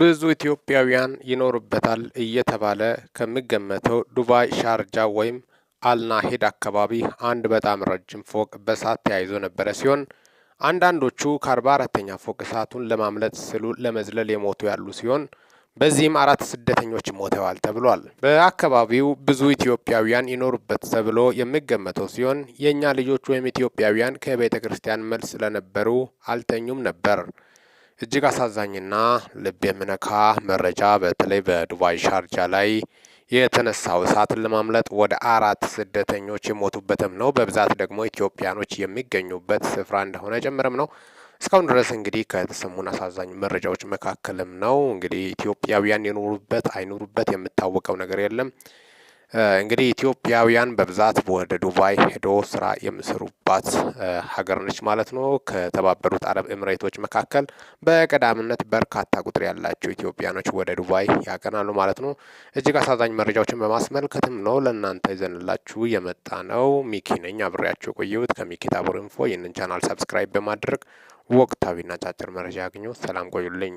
ብዙ ኢትዮጵያውያን ይኖሩበታል እየተባለ ከሚገመተው ዱባይ ሻርጃ ወይም አልናሂድ አካባቢ አንድ በጣም ረጅም ፎቅ በእሳት ተያይዞ ነበረ ሲሆን አንዳንዶቹ ከአርባ አራተኛ ፎቅ እሳቱን ለማምለጥ ስሉ ለመዝለል የሞቱ ያሉ ሲሆን በዚህም አራት ስደተኞች ሞተዋል ተብሏል። በአካባቢው ብዙ ኢትዮጵያውያን ይኖሩበት ተብሎ የሚገመተው ሲሆን የእኛ ልጆች ወይም ኢትዮጵያውያን ከቤተ ክርስቲያን መልስ ስለነበሩ አልተኙም ነበር። እጅግ አሳዛኝና ልብ የሚነካ መረጃ በተለይ በዱባይ ሻርጃ ላይ የተነሳው እሳትን ለማምለጥ ወደ አራት ስደተኞች የሞቱበትም ነው። በብዛት ደግሞ ኢትዮጵያኖች የሚገኙበት ስፍራ እንደሆነ ጭምርም ነው። እስካሁን ድረስ እንግዲህ ከተሰሙን አሳዛኝ መረጃዎች መካከልም ነው። እንግዲህ ኢትዮጵያውያን የኖሩበት አይኖሩበት የምታወቀው ነገር የለም። እንግዲህ ኢትዮጵያውያን በብዛት ወደ ዱባይ ሄዶ ስራ የሚሰሩባት ሀገር ነች ማለት ነው። ከተባበሩት አረብ ኤምሬቶች መካከል በቀዳምነት በርካታ ቁጥር ያላቸው ኢትዮጵያኖች ወደ ዱባይ ያቀናሉ ማለት ነው። እጅግ አሳዛኝ መረጃዎችን በማስመልከትም ነው ለእናንተ ይዘንላችሁ የመጣ ነው። ሚኪ ነኝ አብሬያቸው የቆየሁት ከሚኪ ታቦር ኢንፎ። ይህንን ቻናል ሰብስክራይብ በማድረግ ወቅታዊና አጫጭር መረጃ ያገኘው። ሰላም ቆዩልኝ።